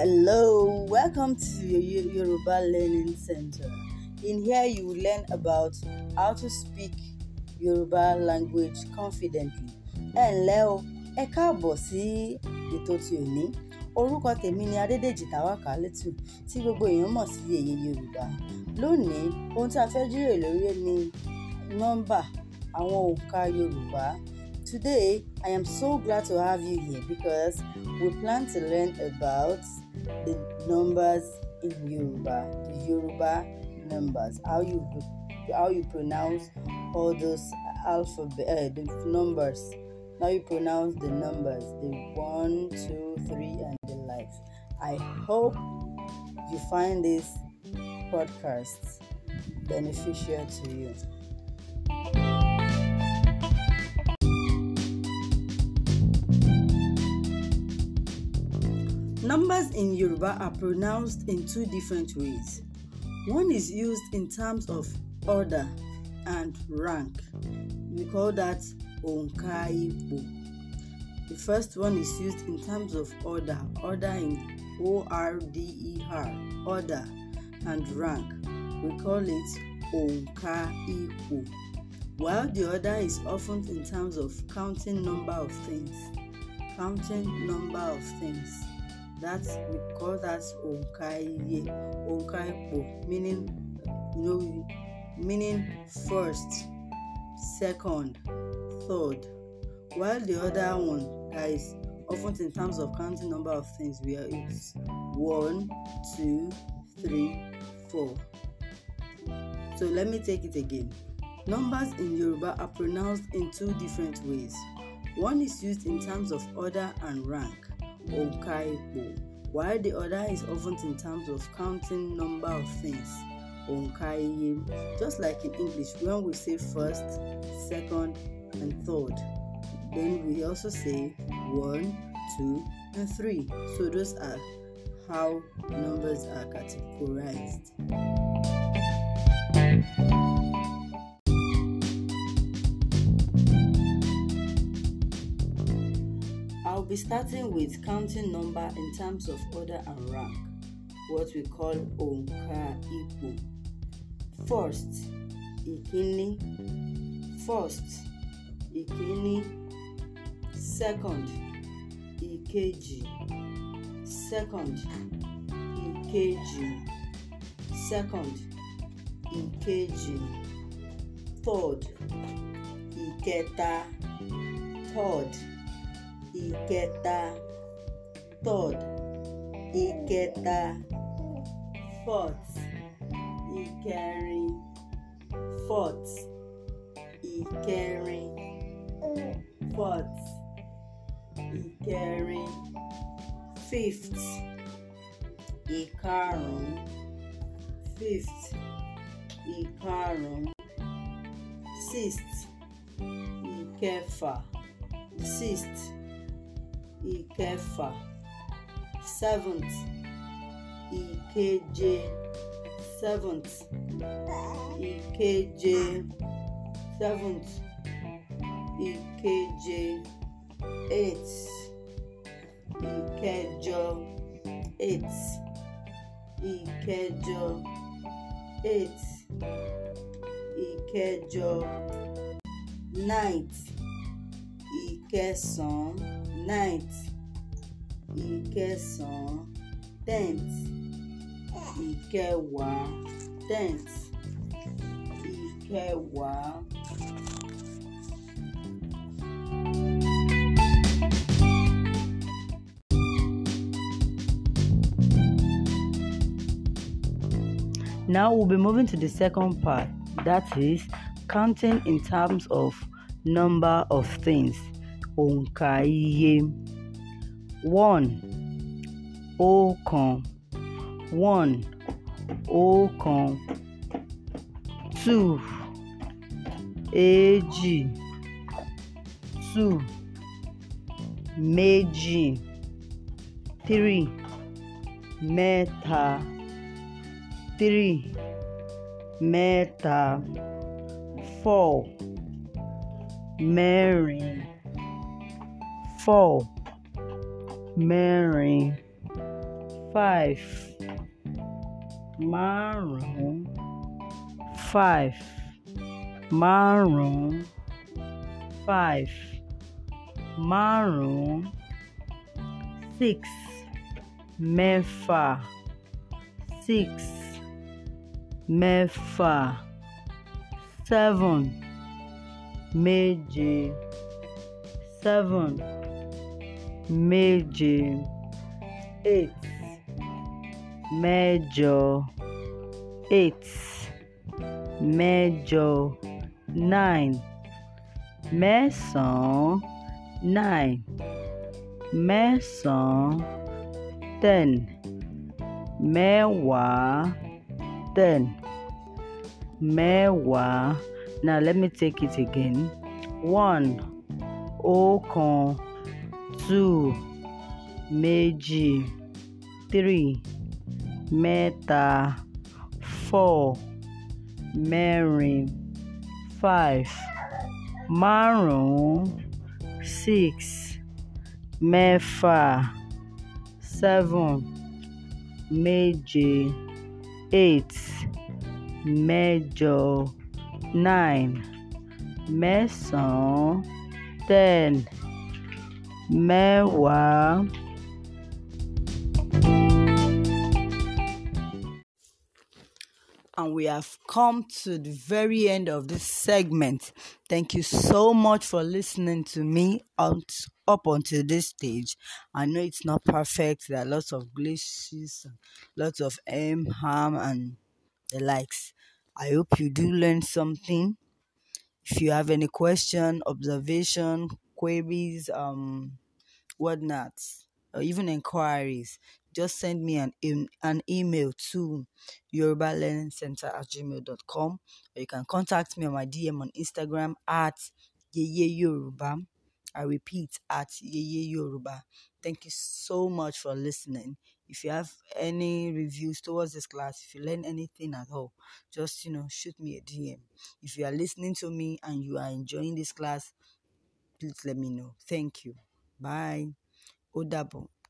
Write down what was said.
Hello, welcome to your Yoruba Learning Center. In here, you will learn about how to speak Yoruba language confidently. Ẹ ǹlẹ́ o, ẹ káàbọ̀ sí ni ti òní. Orúkọ tèmi ni Adédèjì Táwákà Létù tí gbogbo èèyàn mọ̀ sí èyí Yorùbá. Lónìí, ohun tí a fẹ́ jíròrò lórí ẹ̀ ni nọ́mbà àwọn òǹkà Yorùbá. Today, I am so glad to have you here because we plan to learn about the numbers in Yoruba, the Yoruba numbers, how you how you pronounce all those alphabet uh, the numbers. Now you pronounce the numbers, the one, two, three, and the like. I hope you find this podcast beneficial to you. Numbers in Yoruba are pronounced in two different ways. One is used in terms of order and rank. We call that onka The first one is used in terms of order, order in O R D E R, order and rank. We call it onka While the other is often in terms of counting number of things, counting number of things that we call that onkaiye onkaipo meaning you know meaning first second third while the other one that is often in terms of counting number of things we are it's one two three four so let me take it again numbers in yoruba are pronounced in two different ways one is used in terms of order and rank Onkaipo, while the other is often in terms of counting number of things. Onkaiye, just like in English, when we say first, second, and third, then we also say one, two, and three. So those are how numbers are categorized. be starting with counting number in terms of order and rank, what we call onka ipò. First, ikini. First, ikini. Second, ìkejì. Second, ìkejì. Second, ìkejì. Third, iketa. Third, ìkẹta third ìkẹta fourth ìkẹrin fourth ìkẹrin fourth ìkẹrin fifth ìkarùn fifth ìkarùn sixth ìkẹfà sixth ìkẹfà seventh ìkeje seventh ìkeje seventh ìkeje eight ìkẹjọ eighth. ìkẹjọ eight ìkẹjọ ninth ìkẹsàn-án. ninth ikesan tenth Ikewa. tenth Ikewa. Now we'll be moving to the second part, that is, counting in terms of number of things. òǹkà iye one ọ̀kan one ọ̀kan two èjì two méjì three mẹ́ta three mẹ́ta four mẹ́rin. four mẹ́rin five five marun five márùn-ún mẹ́fà six mẹ́fà seven méje seven. méje eight mẹ́jọ eight mẹ́jọ nine mẹ́sàn-án nine mẹ́sàn-án ten mẹ́wàá ten mẹ́wàá now let me take it again one ọ̀kan. Oh, two méjì three mẹ́ta four mẹ́rin five márùn-ún six mẹ́fà seven méje eight mẹ́jọ nine mẹ́sàn-án ten. mẹ́wàá. And we have come to the very end of this segment. Thank you so much for listening to me up until this stage. I know it's not perfect. There are lots of glitches, lots of aim, harm, and the likes. I hope you do learn something. If you have any question, observation, queries, um, whatnot, or even inquiries, just send me an, an email to Yoruba Learning Center at gmail.com or you can contact me on my DM on Instagram at Yeye Yoruba. I repeat, at Yeye Yoruba. Thank you so much for listening. If you have any reviews towards this class, if you learn anything at all, just you know, shoot me a DM. If you are listening to me and you are enjoying this class, please let me know. Thank you. Bye. Ó